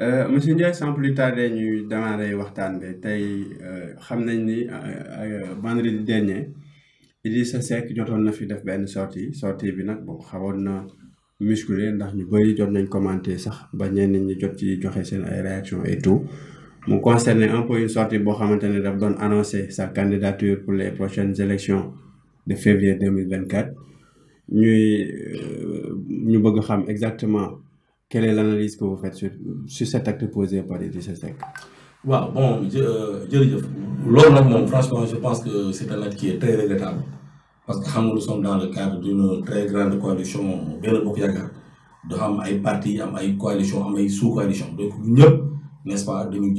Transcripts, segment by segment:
Euh, monsieur Ndiaye sans plus tarder nous avons waxtaan bi euh, euh, vendredi dernier il na fi def sortie sortie bi commenté sax ba et tout un peu une sortie boo xamante sa candidature pour les prochaines élections de février 2024 ñuy ñu exactement quelle est l'analyse que vous faites sur, cet acte posé par les DCSEC Wow, bon, je, euh, je, franchement, je pense que c'est un acte qui est très regrettable. Parce que nous sommes dans le cadre d'une très grande coalition, bien Bokyaga. Nous avons de partis, de coalitions, de sous-coalitions. Donc, nous, n'est-ce pas, nous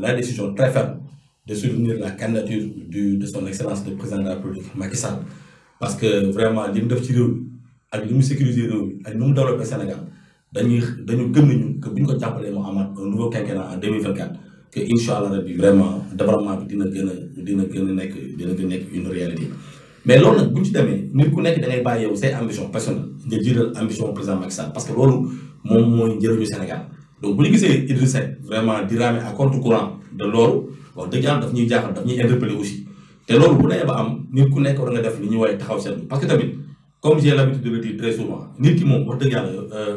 la décision très ferme de soutenir la candidature du, de son excellence le président de la République, Macky Sall. Parce que vraiment, nous avons sécurisé, nous avons développé le Sénégal dañuy dañu gëm nañu que buñ ko jàppalee mu amaat un nouveau quinquennat en 2024 que incha allah rabbi vraiment développement bi dina gën a dina gën a nekk dina gën a nekk une réalité mais loolu nag bu ci demee nit ku nekk da ngay bàyyi yow say ambition personnelle nga jiital ambition président Macky Sall parce que loolu moom mooy njëriñu Sénégal donc bu ñu gisee Idrissa vraiment di ramer à contre-courant de loolu wax dëgg yàlla daf ñuy jaaxal daf ñuy interpeller aussi te loolu bu demee ba am nit ku nekk war nga def li ñuy woowee taxaw seetlu parce que tamit comme j'ai l'habitude de le dire très souvent nit ki moom wax dëgg yàlla euh,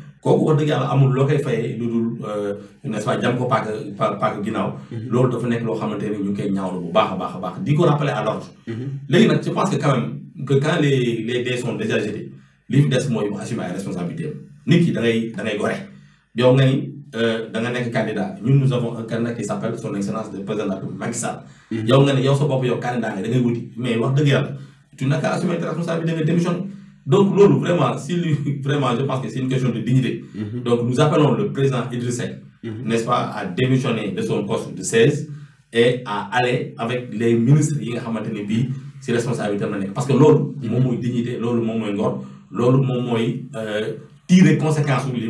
kooku wax dëgg yàlla amul loo koy fayee lu dul euh, n'est-ce pas jam ko paaka paaka ginnaaw mhm. loolu dafa nekk loo xamante ne ñu ngi koy ñaawlu bu baax a baax a baax di ko rappeler à mhm. léegi nag je pense que quand même que quand mooy mu assumer ki da ngay da ngay gore yow euh, da nekk candidat de la République mhm. yow nga ne yow sa bopp yow candidat nga da ngay wuti mais wax dëgg yàlla tu n'as qu'à assumer nga démissionné Donc, vraiment, vraiment, je pense que c'est une question de dignité. Mhm. Donc, nous appelons le président Idrissé mhm. n'est-ce pas, à démissionner de son poste de 16 et à aller avec les ministres qui ont ses responsabilités. Parce que l'autre, dignité, l'autre, l'autre, euh, tirer conséquences sur les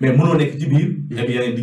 Mais, mon mhm. eh bien, il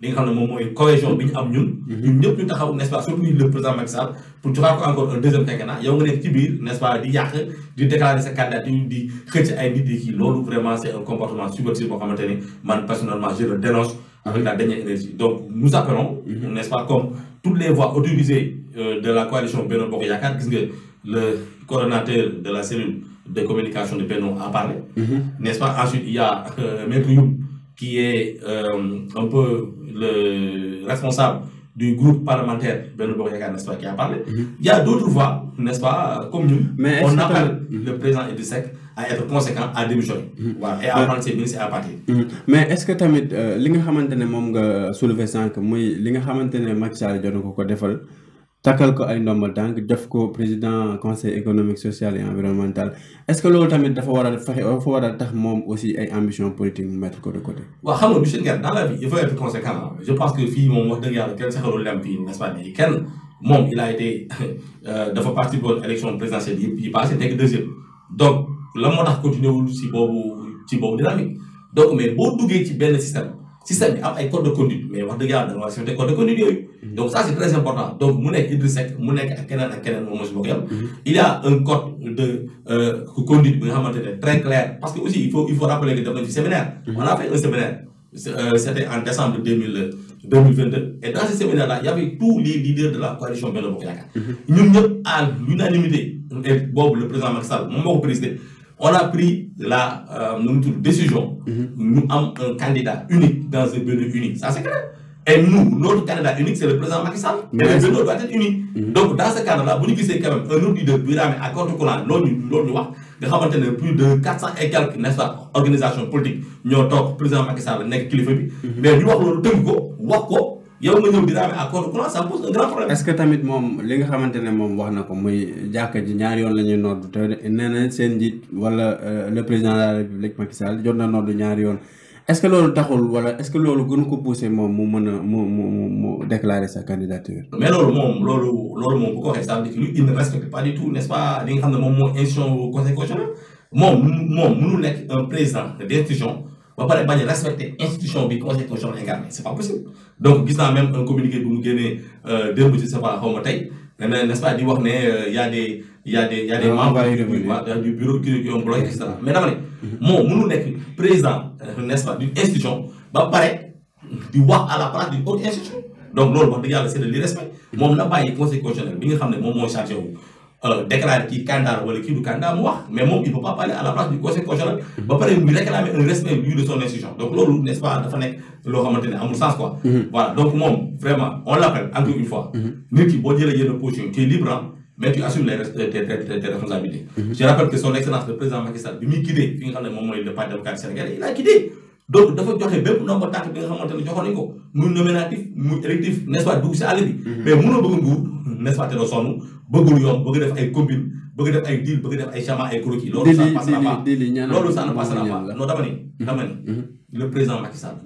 li nga xam ne moom cohésion bi ñu am ñun. Mhm. ñun ñëpp ñu taxaw n'est-ce pas surtout le président Macky Sall pour joxaat encore un deuxième quinquennat yow nga nekk ci biir n'est-ce pas di yàq di déclarer sa candidature di xëcc ay nit di kii vraiment c'est un comportement subversif boo xamante ni man personnellement je le dénonce avec la dernière énergie donc nous appelons. Mhm. n'est-ce pas comme toutes les voix autorisées euh, de la coalition Benno Bokk Yakar gis nga le coordonnateur de la cellule de communication de Benno a parlé. Mhm. n'est-ce pas ensuite il y a euh, Maître Youm qui est euh, un peu le responsable du groupe parlementaire Ben Boyaka, n'est-ce pas, qui a parlé. Mhm. Il y a d'autres voix, n'est-ce pas, euh, comme nous. Mais on appelle mhm. le président sec à être conséquent, à démissionner. Mm et à prendre ses ministres et à partir. Mhm. Mais est-ce que tu as mis, euh, ce que tu as soulevé, c'est que Macky Sall a fait takkal ko ay ndomba tànk def ko président conseil économique social et environnemental est-ce que loolu tamit dafa war a fexe dafa war a tax moom aussi ay ambition politique mu mettre ko de côté. waaw xam nga monsieur Nguer dans la vie il faut être conséquent je pense que fii moom wax dëgg yàlla kenn saxarul lem fii n'est-ce pas kenn moom il a été euh, dafa participer aux élection présidentielle il yi passé nekk deuxième donc la moo tax continuer wul si boobu ci boobu dynamique donc mais boo duggee ci benn système système bi un code de conduite mais wax dëgg yàlla da nga code de conduite yoy mm-hmm. donc ça c'est très important donc mu nekk Idriss Seck mu nekk ak ak mm-hmm. il y a un code de euh, conduite bi très clair parce que aussi il faut il faut rappeler que dans le séminaire. Mm-hmm. on a fait un séminaire. Euh, c'était en décembre deux mille et dans ce séminaire là il y avait tous les leaders de la coalition Benno Bokk Yaakaar. ñun ñep à l'unanimité unanimité. et le président Macky Sall moom moo ko on a pris la euh, décision, mm -hmm. nous avons un candidat unique dans un bureau unique. Ça, c'est clair. candidat unique, c'est le président Macky Sall. Mais et le bureau doit être uni. Mm -hmm. Donc, dans ce cadre-là, vous dites que quand même un autre de pyramide à Corte Colan, l'autre de plus de 400 et quelques n'est-ce pas, organisations politiques. Nous avons le président Macky Sall, nous avons mhm. Mais nous avons le Tungo, Wako, yow nga ñëw di raame ça pose un grand problème. est ce que tamit mom li nga xamantene mom wax nako ko muy jàkka ji ñaar yoon lañuy ñuy nodd te nee na seen wala euh, le président de la république Macky Sall jot na nodd ñaar yoon est ce que lolu taxul wala est ce que lolu gënu ko pousser mom mu mën a mu mu mu déclarer sa candidature. mais lolu mom lolu lolu mom bu ko waxee ça dit que lui il ne respecte pas du tout nest ce pas li nga xamne mom moom mooy institution conseil constitutionnel moom moom mënul nekk un président d' ba pare bañ a respecter institution bi conseil constitutionnel incarné c' est pas possible donc gis naa même un communiqué bu nous génnee euh, démb ci safa xaw ma tey ne ce pas di wax il euh, y' a des y' a des y' a des ah, membres euh, du bureau qui ont bloqué ça mais dama mais mhm. moi mënul nekk président nest ce pas d'une institution ba pare di wax à la place d'une autre institution donc loolu wax de yàlla c' le de l'irrespect mhm. moom na bàyyi conseil constitutionnel bi nga xam ne moom chargé alors déclarer est candidat wala qui du candidat moi mais moi il ne peut pas parler à la place du conseil constitutionnel ba pare réclamer un respect de son institution donc l'eau n'est-ce pas le nekk le remonter à sens quoi mhm. voilà donc moi, vraiment on l'appelle encore une fois mhm. nit ki position tu es libre hein, mais tu assumes les tes tes tes responsabilités mhm. je rappelle que son excellence le président Macky Sall bi quitté fi ne le sénégalais il a quitté donc dafa joxe bépp ndombo tànk bi nga xamante ne joxoon nañ ko muy nominatif muy électif n'est-ce pas dugg si àll bi. Mhm. mais mënoo bëgg nguur nest pas te doo sonn bëgg def ay combine bëgg def ay deal bëgg def ay chama ay croquis. loolu ça ne passera pas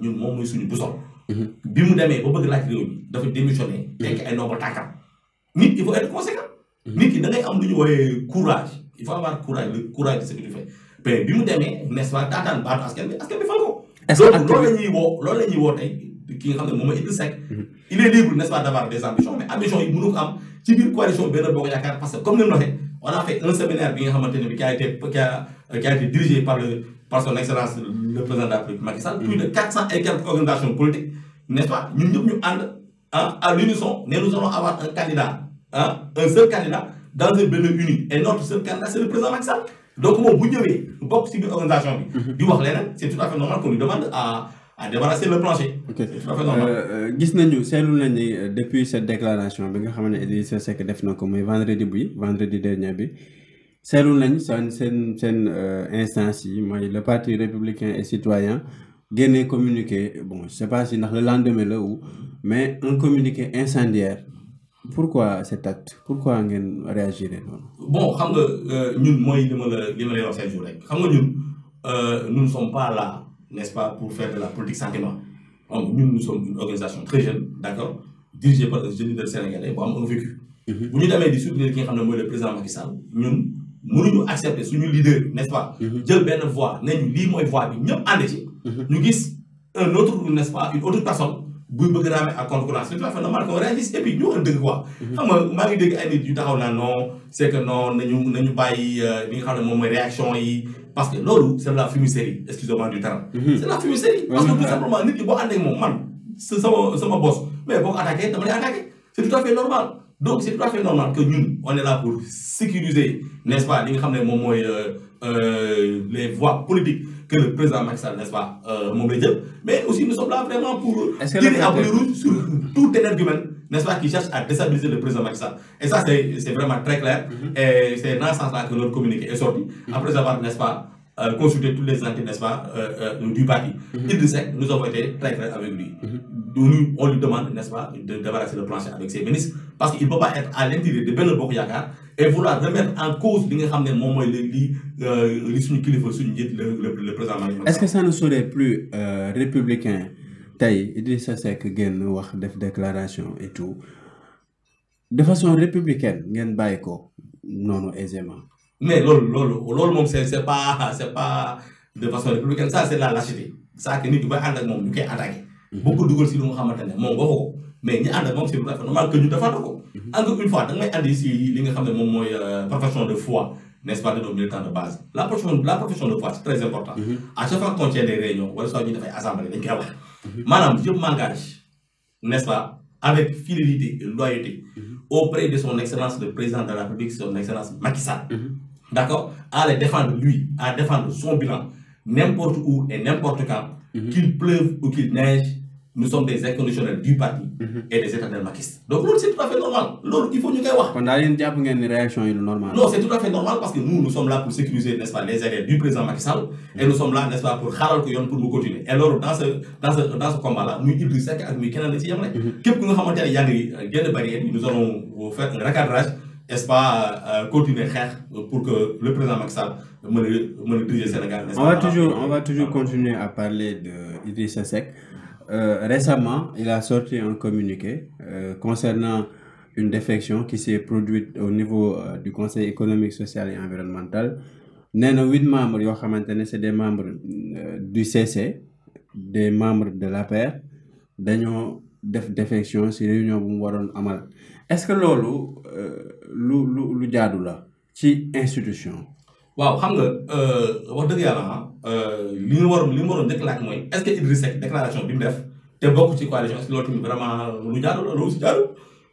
loolu bi mu demee ba bëgg laaj réew mi dafa démissionné. tekki ay ndombo tànkam. nit mhm. am lu ñu wooyee courage il faut avoir courage le courage de ce que bi mu demee n'est-ce pas daataan baatu askan bi askan Mhm. il est libre n'est-ce pas d'avoir des ambitions mais ambitions coalition parce que comme nous on a fait un séminaire euh, qui a été dirigé par le par son excellence le président mhm. plus de 400 et organisations politiques n'est-ce pas hein, nous allons avoir un candidat hein, un seul candidat dans une et notre seul candidat c'est le président Macky Sall donc moom bu avez une ci organisation bi. Mhm. di wax leneen c'est tout à fait normal qu'on lui demande à à débarrasser le plancher. ok C'est tout à fait normal. Euh, euh, gis nañu seetlu nañ ni euh, depuis cette déclaration bi nga que ne Idrissa Seck def que ko vendredi bi vendredi dernier bi. une, nañ seen seen instance yi le parti républicain et citoyen génne communiqué bon je sais pas si c'est le lendemain le ou mais un communiqué incendiaire pourquoi cet acte pourquoi ngeen réagir non bon xam nga euh, ñun moy li la lay wax chaque jour rek xam nga ñun euh, nous ne sommes pas là n'est-ce pas pour faire de la politique sentiment donc ñun nous sommes une organisation très jeune d'accord dirigée par des jeunes leader sénégalais bon, am un vécu. Mhm. bu ñu demee di soutenir ki nga xam ne mooy le président Macky Sall ñun mënuñu accepter suñu leader n'est-ce pas. Mhm. jël benn voix nañu lii mooy voix bi ñëpp ànd ci. Mhm. ñu gis un autre n'est-ce pas une autre personne c'est tout à fait normal qu'on réagisse et puis quoi. c'est que non euh, parce que c'est la fumisterie excusez-moi du mhm. c'est la parce que tout simplement boss mais pour attaquer c'est tout à fait normal donc c'est tout à fait normal que nous, on est là pour sécuriser n'est-ce pas euh, euh, les voix politiques que le président Macky n'est-ce pas, euh, mais aussi nous sommes là vraiment pour tirer à route sur tout énergumène, n'est-ce pas, qui cherche à déstabiliser le président Macky Et ça, c'est vraiment très clair, mm-hmm. et c'est dans ce sens-là que notre communiqué est sorti, mm-hmm. après avoir, n'est-ce pas, euh, consulter tous les entités, n'est-ce pas, euh, euh, du parti. Il dit ça, nous avons été très très avec lui. Mhm. nous, on lui demande, n'est-ce pas, de débarrasser le plancher avec ses ministres, parce qu'il ne peut pas être à l'intérieur de Benno Yakar et vouloir remettre en cause euh, les le, le président Est-ce que ça ne serait plus euh, républicain il dit Seck, c'est wax def déclaration et tout. De façon républicaine, Gen Baïko, non, non, aisément mais lolo lolo loolu c'est pas c'est pas de façon républicaine ça c'est la lâcheté ça que nous ñi bay ànd ak attaquer. Beaucoup koy attaqué. Mhm. si lu nga xamante ne moom mais ñi ànd ak moom c'est normal que nous devons ko. Mhm. encore une fois da nga andi si li nga xam euh, profession de foi n'est-ce pas de nos militants de base la profession la profession de foi c'est très important. Mhm. à chaque fois qu'on tient des réunions wala soit ñu def ay assemblée dañ koy wax. je m'engage n'est-ce pas avec fidélité et loyauté auprès de son excellence le président de la République son excellence Macky Sall d'accord, à défendre lui, à défendre son bilan, n'importe où et n'importe quand, mhm. qu'il pleuve ou qu'il neige, nous sommes des inconditionnels du parti mhm. et des éternels maquistes. Donc, nous, c'est tout à fait normal. Lolo, il faut nous dire. On a une réaction normale. Non, c'est tout à fait normal parce que nous, nous sommes là pour sécuriser, n'est-ce pas, les arrières du président Macky Sall et nous sommes là, n'est-ce pas, pour Harold Koyon pour nous continuer. Et alors, dans ce, dans ce, dans ce combat-là, nous, il nous sait que nous sommes là. Qu'est-ce que nous avons nous allons faire un recadrage n'est-ce pas, euh, euh, continuer pour que le président Macky Sall le Sénégal. On va, toujours, on va toujours continuer à parler d'Idrissa Seck. Euh, récemment, il a sorti un communiqué concernant une défection qui s'est produite au niveau du Conseil économique, social et environnemental. Nous avons 8 membres, c'est des membres du CC, des membres de l'APER, qui ont fait défection sur réunion Amal est-ce que lolo, euh, lu lu lu jaadu la ci institution. waaw xam nga euh, wax yalla yàlla euh li ñu waroon li ñu waroon njëkk est-ce que Idriss Seck déclaration bi mu def te bokku ci coalition est-ce que vraiment lu jaadu la loolu jaadu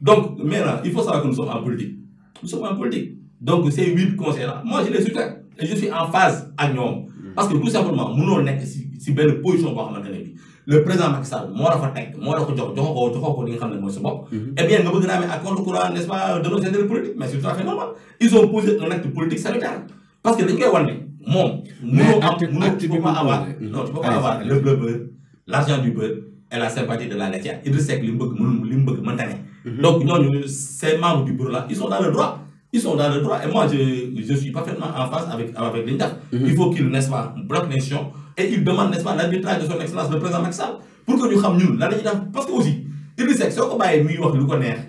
donc maintenant il faut savoir que nous sommes en politique nous sommes en politique donc ces huit conseillers là moi je les soutiens et je suis en phase avec ñoom. parce que tout simplement mënoo nekk si si benn position boo xamante ne bi le président Macky Sall moi la fa teg la jox joxoo ko joxoo ko li nga xam ne mhm. et eh bien nga bëgg na amee à contre courant n'est-ce pas de nos intérêts politiques mais c'est tout à fait normal ils ont posé un acte politique salutaire parce que dañ koy wan ne moom. mënoo am mënoo tu peux pas avoir non tu peux pas avoir le bleu bleu, l'argent du beurre et la sympathie de la laitière Il Seck li mu bëgg mënul li bëgg mënta ne. Mhm. donc ces membres du bureau là ils sont dans le droit. ils sont dans le droit et moi je je suis parfaitement en phase avec avec li mhm. il faut qu'ils, n'est-ce pas les nation et il demande n'est-ce pas l'arbitrage de son excellence le président Maxal, pour que nous là parce que aussi wax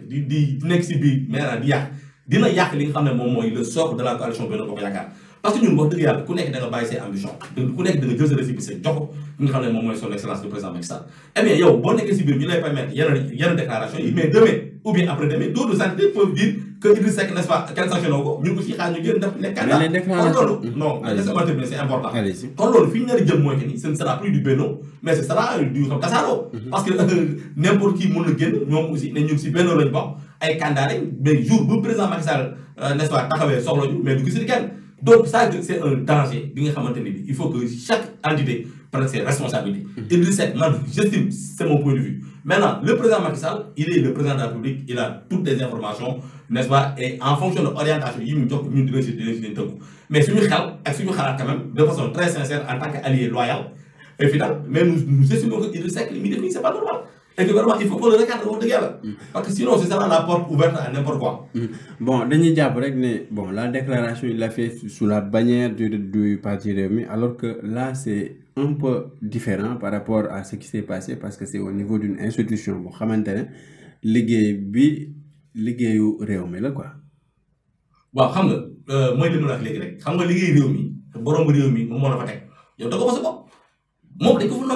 di di si là, di dina li nga ne le de la coalition parce que ñun wax dëgg yàlla ku nekk da nga bàyyi say ambition ku nekk da jël sa récépissé jox ko xam ne moom mooy son excellence le président Macky Sall eh bien yow boo nekkee si biir ñu lay permettre yenn yenn déclaration yi mais demain ou bien après demain d'autres entités peuvent dire que Idrissa mhm. euh, euh, mais du xam si Benno kenn donc ça c'est un danger il faut que chaque entité prenne ses responsabilités. Mm-hmm. Idrissa non je j'estime c'est mon point de vue maintenant le président Macky Sall il est le président de la République il a toutes les informations n'est-ce pas et en fonction de l'orientation il nous dit que dinañ si dinañ si leen mais suñu xel quand même de façon très sincère en tant qu'allié loyal et finalement, mais nous nous estimons que le Seck que c'est pas normal et il faut qu'on le regarde mm. parce que sinon c'est sera la porte ouverte à n'importe quoi. Mm. bon dañuy jàpp bon la déclaration il l'a fait sous la bannière du du parti Rémi, alors que là c'est un peu différent par rapport à ce qui s'est passé parce que c'est au niveau d'une institution boo xamante ne liggéey bi liggéeyu quoi. waaw xam nga euh, mooy li je la wax léegi rek xam nga liggéey réew borom réew mi moom moo fa teg yow da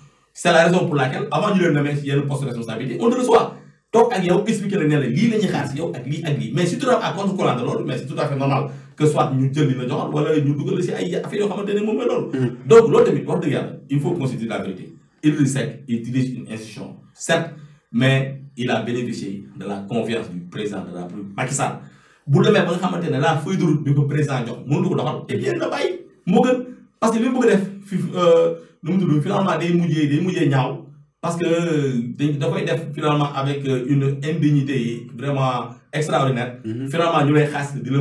c'est la raison pour laquelle avant ñu leen nommer yenn poste de responsabilité on le reçoit toog ak yow expliqué la ne la lii la ñuy xaar yow ak mais si tu à contre courant de mais c'est tout à fait normal que soit ñu jël le la joxoon wala ñu dugal si ay affaire yoo xamante ne mooy mm-hmm. donc l'autre tamit wax dëgg il faut considérer la vérité Idrissa Seck il dirige une institution certes mais il a bénéficié de la confiance du président de la République Macky Sall bu demee ba nga la feuille de route bi ko président jox mënut ko doxal eh bien na bàyyi moo gën parce que euh, nous finalement parce que euh, finalement avec euh, une indignité vraiment extraordinaire. finalement n'est-ce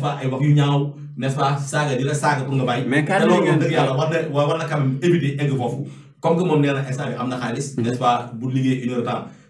pas ay n'est-ce pas la saga, pour comme mhm. n'est-ce pas une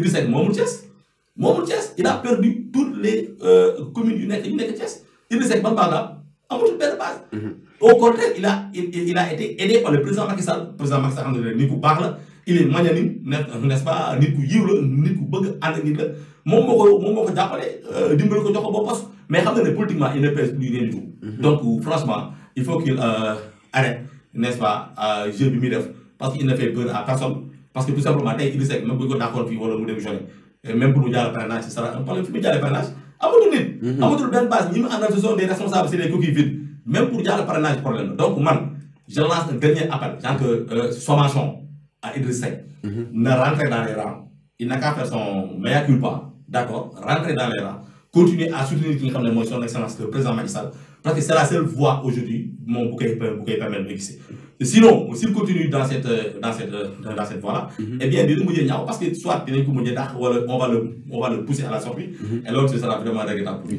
puis c'est moomul Thiès moomul Thiès il a perdu toutes les euh, communes yu nekk yu nekk Thiès Idrissa Seck Bamba la amatul benn base. Mhm. au contraire il a il, il a été aidé par le président Macky Sall président Macky Sall xam nga la il est magnanime n'est-ce pas nit ku yiw la nit ku bëgg ànd nit la moom moo ko euh, jox ko poste mais xam nga ne politiquement il ne pèse plus rien du tout. Mhm. donc franchement il faut qu'il euh, arrête n'est-ce pas jeu bi muy def parce qu'il ne fait peur à personne parce que tout simplement il Idrissa Seck même pour d'accord, ko d'accord fii wala mu même pour faire le parrainage ce sera un problème fi dire le parrainage amatul nit vous mhm. de base ñi mu àndal ce sont des responsables c'est des coquilles vides même pour le parrainage problème donc man je lance un dernier appel genre que euh, sommation à Idriss Seck rentre mhm. rentrer dans les rangs il n'a qu'à faire son mea culpa d'accord rentrer dans les rangs continuer à soutenir les motions d'excellence ne le président Macky parce que c'est la seule voie aujourd'hui mon bu koy permettre de sinon s'il continue dans cette dans cette dans cette voie là mhm. eh bien dina mujjee ñaaw parce que soit dinañ wala on va le on va le pousser à la sortie mhm. et l'autre ce sera vraiment regrettable pour lui